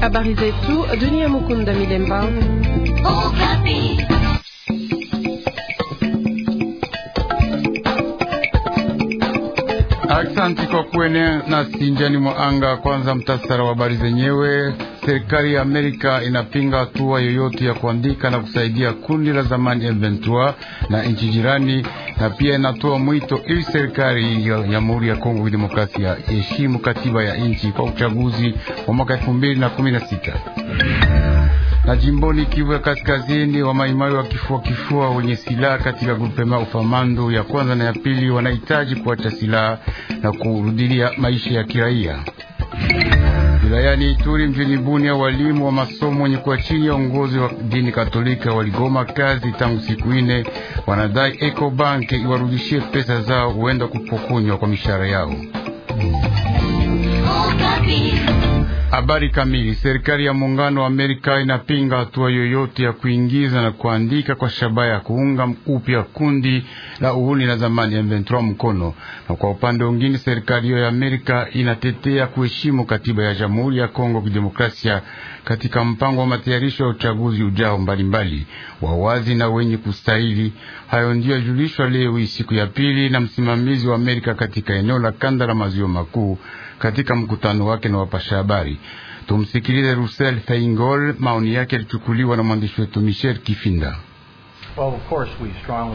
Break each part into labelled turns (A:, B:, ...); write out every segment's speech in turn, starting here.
A: Habari zetu dunia. Mukunda
B: Milemba. Aksanti kwa kuenea na sinjani mwa anga. Kwanza mtasara wa habari zenyewe serikali ya Amerika inapinga hatua yoyote ya kuandika na kusaidia kundi la zamani M23 na nchi jirani, na pia inatoa mwito ili serikali ya Jamhuri ya Kongo Kidemokrasia iheshimu katiba ya nchi kwa uchaguzi wa mwaka 2016 na jimboni Kivu ya kaskazini wa maimai wa kifua kifua wenye silaha katika grupema ufamando ya kwanza na ya pili wanahitaji kuacha silaha na kurudilia maisha ya kiraia. Wilayani Ituri mjini Bunia, walimu wa masomo wenye kuwa chini ya uongozi wa dini Katolika waligoma kazi tangu siku ine. Wanadai banke iwarudishie pesa zao, huenda kupokonywa kwa mishahara yao. Oh, Habari kamili. Serikali ya muungano wa Amerika inapinga hatua yoyote ya kuingiza na kuandika kwa shabaha ya kuunga upya kundi la uhuni la zamani ya M23 mkono, na kwa upande mwingine serikali hiyo ya Amerika inatetea kuheshimu katiba ya Jamhuri ya Kongo Kidemokrasia katika mpango wa matayarisho ya uchaguzi ujao mbalimbali wa wazi na wenye kustahili. Hayo ndiyo yajulishwa leo hii siku ya pili na msimamizi wa Amerika katika eneo la kanda la maziwa makuu katika mkutano wake na wapasha habari. Tumsikilize Rusel Feingol, maoni yake yalichukuliwa na mwandishi wetu Michel Kifinda.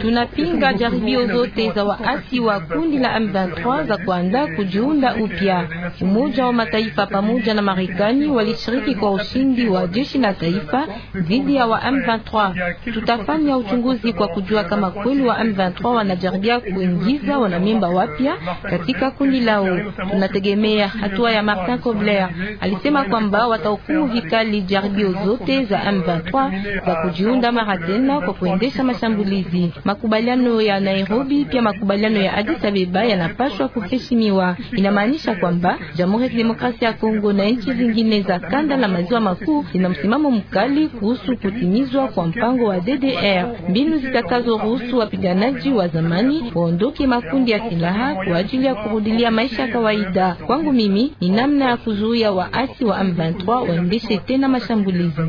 A: Tunapinga jaribio zote za waasi wa kundi la M23 za kuanda kujiunda upya. Umoja wa Mataifa pamoja na Marekani walishiriki kwa ushindi wa jeshi la taifa dhidi ya wa M23. Tutafanya uchunguzi kwa kujua kama kweli wa M23 wanajaribia kuingiza wanamemba wapya katika kundi lao. Tunategemea hatua ya Martin Kobler. Alisema kwamba wataukumu vikali jaribio zote za M23 za kujiunda mara tena kwa kuendesha kukomesha mashambulizi. Makubaliano ya Nairobi pia makubaliano ya Addis Abeba yanapaswa kuheshimiwa. Inamaanisha kwamba Jamhuri ya Kidemokrasia ya Kongo na nchi zingine za kanda la maziwa makuu zina msimamo mkali kuhusu kutimizwa kwa mpango wa DDR, mbinu zitakazoruhusu wapiganaji wa zamani waondoke makundi ya silaha kwa ajili ya kurudilia maisha ya kawaida. Kwangu mimi ni namna ya kuzuia waasi wa M23 waendeshe tena mashambulizi.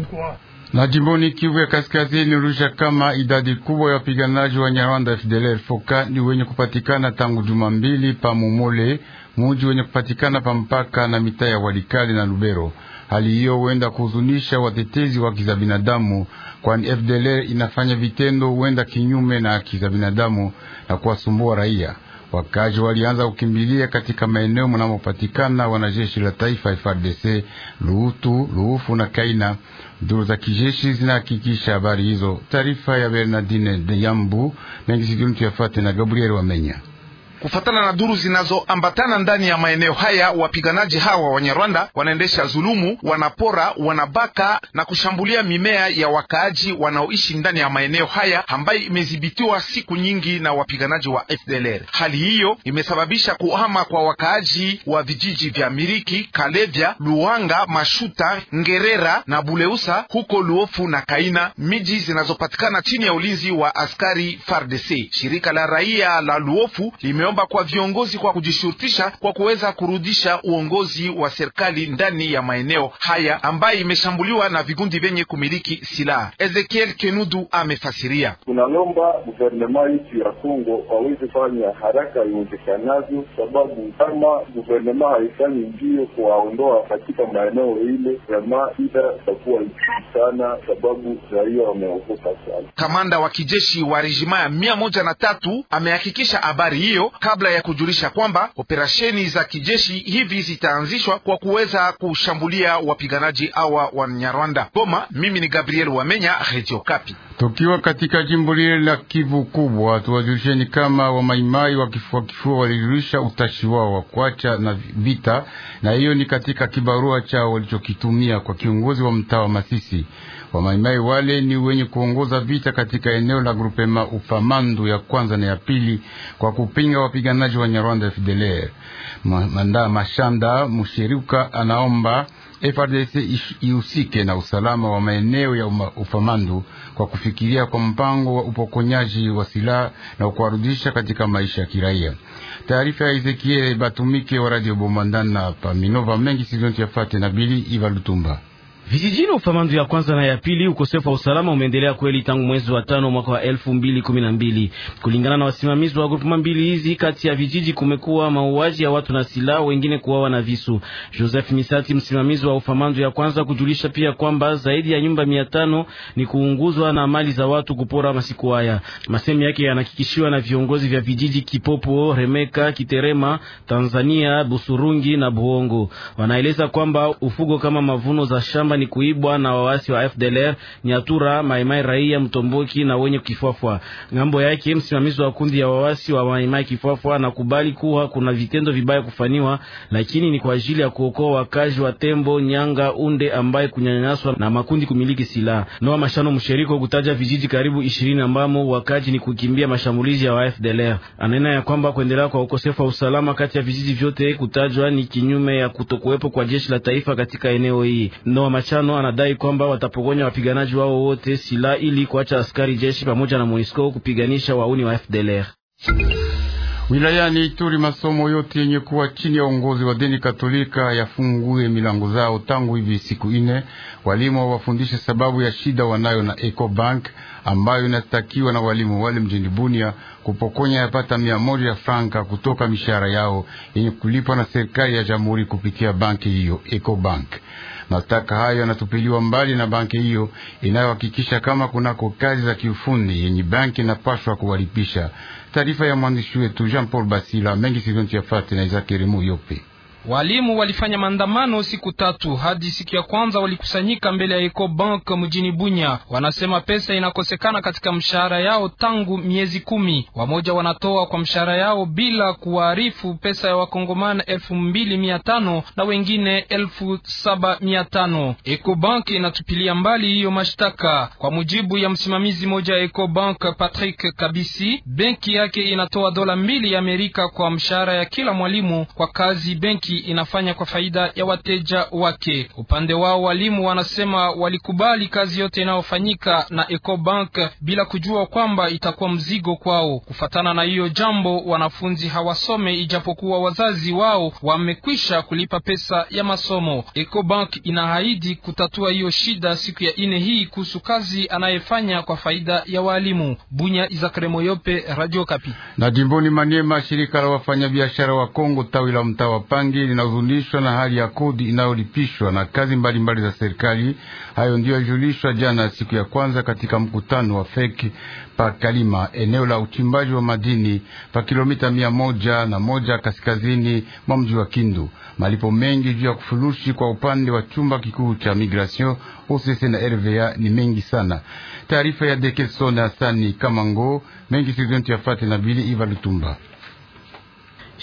B: Na jimboni Kivu ya Kaskazini, rusha kama idadi kubwa ya wapiganaji wa Nyarwanda FDLR foka ni wenye kupatikana tangu juma mbili pa Momole, muji wenye kupatikana pa mpaka na mitaa ya Walikali na Lubero. Hali hiyo huenda kuhuzunisha watetezi wa haki za binadamu, kwani FDLR inafanya vitendo huenda kinyume na haki za binadamu na kuwasumbua raia. Wakazi walianza kukimbilia katika maeneo mnamopatikana wanajeshi la taifa frdc Luutu, Luufu na Kaina. Duru za kijeshi zinahakikisha habari hizo. Taarifa ya Bernardine de Yambu mengi sikinutu yafate na Gabriel Wamenya.
C: Kufatana na duru zinazoambatana ndani ya maeneo haya, wapiganaji hawa Wanyarwanda wanaendesha zulumu wanapora, wanabaka na kushambulia mimea ya wakaaji wanaoishi ndani ya maeneo haya ambayo imedhibitiwa siku nyingi na wapiganaji wa FDLR. Hali hiyo imesababisha kuhama kwa wakaaji wa vijiji vya Miriki, Kalevya, Luanga, Mashuta, Ngerera na Buleusa huko Luofu na Kaina, miji zinazopatikana chini ya ulinzi wa askari FARDC. Shirika la raia la Luofu lime kuomba kwa viongozi kwa kujishurutisha kwa kuweza kurudisha uongozi wa serikali ndani ya maeneo haya ambayo imeshambuliwa na vikundi vyenye kumiliki silaha. Ezekiel Kenudu amefasiria.
D: Tunalomba guvernema yetu ya Kongo waweze fanya haraka iwezekanavyo, sababu kama guvernema haifanyi ndio kuwaondoa katika maeneo ile, jamaa ida itakuwa sana, sababu raia wameokoka sana.
C: Kamanda wa kijeshi wa rejima ya mia moja na tatu amehakikisha habari hiyo kabla ya kujulisha kwamba operasheni za kijeshi hivi zitaanzishwa kwa kuweza kushambulia wapiganaji awa wa Nyarwanda. Goma, mimi ni Gabriel Wamenya, Radio Kapi.
B: Tukiwa katika jimbo lile la Kivu Kubwa, tuwajulisheni kama wamaimai wa kifua kifua walijulisha utashi wao wa kuacha na vita, na hiyo ni katika kibarua chao walichokitumia kwa kiongozi wa mtaa wa Masisi. Wamaimai wale ni wenye kuongoza vita katika eneo la grupema ufamandu ya kwanza na ya pili kwa kupinga wapiganaji wa Nyarwanda FDLR. Manda Mashanda Musheruka anaomba FRDC ihusike na usalama wa maeneo ya ufamandu kwa kufikiria kwa mpango wa upokonyaji wa silaha na kuwarudisha katika maisha ya kiraia. Taarifa ya Ezekiel Batumike wa Radio Bomandana pa Minova mengi sizonti yafate na Bili Iva Lutumba. Vijijini ufamandu ya kwanza na ya
D: pili, ukosefu wa usalama umeendelea kweli tangu mwezi wa tano mwaka wa elfu mbili kumi na mbili. Kulingana na wasimamizi wa grupu mbili hizi, kati ya vijiji kumekuwa mauaji ya watu na silaha, wengine kuwawa na visu. Joseph Misati, msimamizi wa ufamandu ya kwanza, kujulisha pia kwamba zaidi ya nyumba mia tano ni kuunguzwa na mali za watu kupora masiku haya. Masemi yake yanahakikishiwa na viongozi vya vijiji Kipopo, Remeka, Kiterema, Tanzania, Busurungi na Buongo. Wanaeleza kwamba ufugo kama mavuno za shamba kama ni kuibwa na waasi wa FDLR Nyatura, Maimai Raia, Mtomboki na wenye Kifwafwa. Ngambo yake msimamizi wa kundi ya waasi wa Maimai Kifwafwa anakubali kuwa kuna vitendo vibaya kufanywa, lakini ni kwa ajili ya kuokoa wakazi wa Tembo, Nyanga, Unde ambaye kunyanyaswa na makundi kumiliki silaha. Noa Mashano mshiriko kutaja vijiji karibu ishirini ambamo wakaji ni kukimbia mashambulizi ya wa FDLR. Anena ya kwamba kuendelea kwa ukosefu wa usalama kati ya vijiji vyote kutajwa ni kinyume ya kutokuwepo kwa jeshi la taifa katika eneo hii. Noa Chano anadai kwamba watapokonya wapiganaji wao wote silaha ili kuacha askari jeshi pamoja na MONUSCO kupiganisha wauni wa FDLR.
B: Wilayani Ituri, masomo yote yenye kuwa chini ya uongozi wa dini Katolika yafungue milango zao tangu hivi siku ine. Walimu wawafundishe sababu ya shida wanayo na Ecobank ambayo inatakiwa na walimu wale mjini Bunia kupokonya yapata mia moja ya franka kutoka mishahara yao yenye kulipwa na serikali ya jamhuri kupitia banki hiyo Ecobank. Mashtaka hayo yanatupiliwa mbali na banki hiyo inayohakikisha kama kunako kazi za kiufundi yenye banki inapaswa kuwalipisha. Taarifa ya mwandishi wetu Jean Paul Basila mengi sizontu yafate na Izakere yope
E: Walimu walifanya maandamano siku tatu. Hadi siku ya kwanza walikusanyika mbele ya eco bank mjini Bunya. Wanasema pesa inakosekana katika mshahara yao tangu miezi kumi. Wamoja wanatoa kwa mshahara yao bila kuwaarifu pesa ya wakongomana elfu mbili mia tano na wengine elfu saba mia tano. bank inatupilia mbali hiyo mashtaka. Kwa mujibu ya msimamizi moja ya bank Patrick Kabisi, benki yake inatoa dola mbili ya Amerika kwa mshahara ya kila mwalimu kwa kazi benki hiki inafanya kwa faida ya wateja wake. Upande wao walimu wanasema walikubali kazi yote inayofanyika na Ecobank bila kujua kwamba itakuwa mzigo kwao. Kufatana na hiyo jambo, wanafunzi hawasome ijapokuwa wazazi wao wamekwisha kulipa pesa ya masomo. Ecobank inaahidi kutatua hiyo shida siku ya nne hii kuhusu kazi anayefanya kwa faida ya waalimu. Bunya Izakare Moyope, Radio Kapi.
B: Na jimboni Maniema, shirika la wafanyabiashara wa Kongo tawi la mtaa wa Pangi serikali na hali ya kodi inayolipishwa na kazi mbalimbali mbali za serikali. Hayo ndiyo yajulishwa jana siku ya kwanza katika mkutano wa feki pa Kalima, eneo la uchimbaji wa madini pa kilomita mia moja na moja kaskazini mwa mji wa Kindu. Malipo mengi juu ya kufurushi kwa upande wa chumba kikuu cha migration OCC na RVA ni mengi sana. Taarifa ya Dekesone Hasani Kamango mengi sizontu yafate na Bili Iva Lutumba.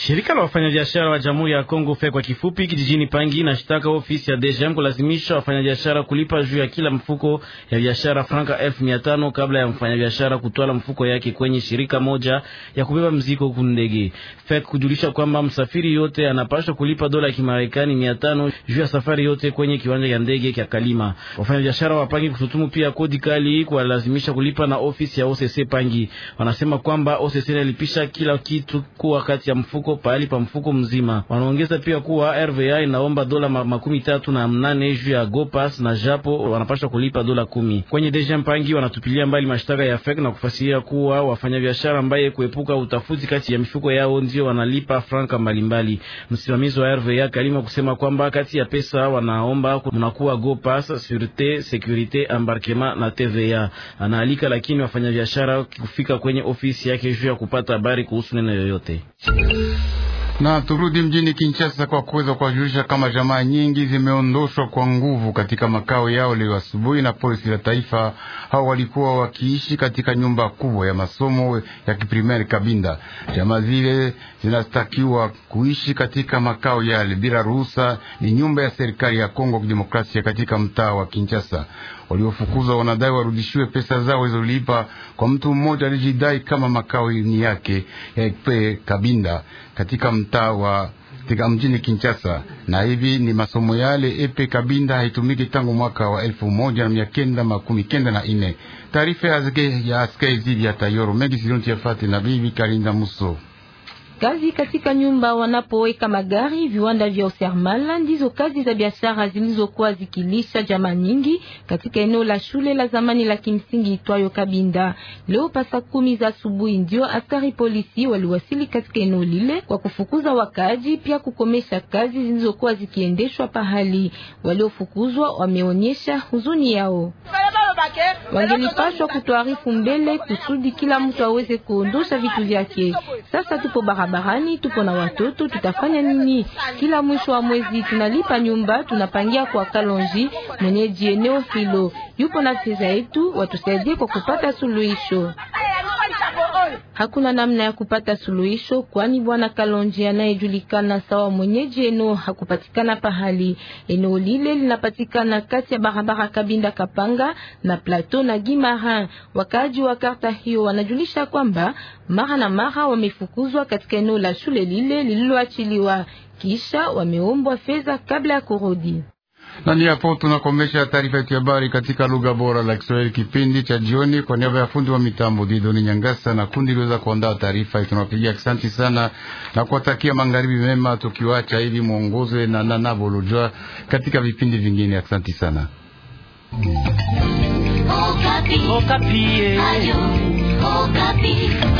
B: Shirika la wafanyabiashara wa Jamhuri ya Kongo fe kwa kifupi
D: kijijini Pangi shtaka ofisi ya DGM kulazimisha wafanyabiashara kulipa juu ya kila mfuko ya biashara franka 1500 kabla ya mfanyabiashara kutwala mfuko yake kwenye shirika moja ya kubeba mzigo kundege. Fek kujulisha kwamba msafiri yote anapaswa kulipa dola ya Kimarekani 500 juu ya safari yote kwenye kiwanja ya ndege kya Kalima. Wafanyabiashara wa Pangi kushutumu pia kodi kali kuwalazimisha kulipa na ofisi ya OCC Pangi. Wanasema kwamba OCC inalipisha kila kitu kuwa kati ya mfuko mfuko pahali pa mfuko mzima. Wanaongeza pia kuwa RVA inaomba dola makumi tatu na mnane juu ya Gopas na japo wanapaswa kulipa dola kumi. Kwenye Deja Mpangi wanatupilia mbali mashtaka ya FEC na kufasiria kuwa wafanyabiashara ambaye kuepuka utafuzi kati ya mifuko yao ndio wanalipa franka mbalimbali. Msimamizi wa RVA Kalima kusema kwamba kati ya pesa wanaomba mnakuwa Gopas, Surete, Securite, Embarkema na TVA. Anaalika lakini wafanyabiashara kufika kwenye ofisi yake juu ya kupata habari kuhusu neno yoyote.
B: Na turudi mjini Kinshasa kwa kuweza kuwajulisha kama jamaa nyingi zimeondoshwa kwa nguvu katika makao yao leo asubuhi na polisi la taifa. Hao walikuwa wakiishi katika nyumba kubwa ya masomo ya kiprimeri Kabinda. Jamaa zile zinastakiwa kuishi katika makao yale bila ruhusa, ni nyumba ya serikali ya Kongo Kidemokrasia katika mtaa wa Kinshasa waliofukuzwa wanadai warudishiwe pesa zao zilizolipa kwa mtu mmoja alijidai kama makao ni yake eh, pe Kabinda katika mtaa wa katika mjini Kinshasa. Na hivi ni masomo yale Epe eh, Kabinda haitumiki tangu mwaka wa elfu moja na mia kenda makumi kenda na ine. Taarifa ya askezi ya tayoro mengi silonti ya fati na bibi Kalinda Muso
A: kazi katika nyumba wanapoweka magari, viwanda vya osermala ndizo kazi za biashara zilizokuwa zikilisha jamaa nyingi katika eneo la shule la zamani la kimsingi itwayo Kabinda. Leo pasa kumi za asubuhi ndio askari polisi waliwasili katika eneo lile kwa kufukuza wakaaji, pia kukomesha kazi zilizokuwa zikiendeshwa pahali. Waliofukuzwa wameonyesha huzuni yao wangelipashwa kutoarifu mbele kusudi kila mtu aweze kuondosha vitu vyake. Sasa tupo barabara barabarani, tupo na watoto, tutafanya nini? Kila mwisho wa mwezi tunalipa nyumba, tunapangia kwa Kalonji, mwenyeji eneo hilo yupo na fedha yetu, watusaidie kwa kupata suluhisho. Hakuna namna ya kupata suluhisho, kwani bwana Kalonji anayejulikana sawa mwenyeji eno hakupatikana pahali. Eneo lile linapatikana kati ya barabara Kabinda Kapanga na Plateau na Gimara. Wakaji wa karta hiyo wanajulisha kwamba mara na mara wamefukuzwa katika eneo la shule lile lililoachiliwa, kisha wameombwa fedha kabla ya kurudi
B: na ni hapo tunakomesha taarifa yetu ya habari katika lugha bora la Kiswahili kipindi cha jioni. Kwa niaba ya fundi wa mitambo Didoni Nyangasa na kundi liweza kuandaa taarifa, tunawapigia asante sana na kuwatakia magharibi mema, tukiwacha hivi muongozwe na Nana Bolojwa katika vipindi vingine. Asante sana
D: Okapi. Okapi. Eh. Ayo, Okapi.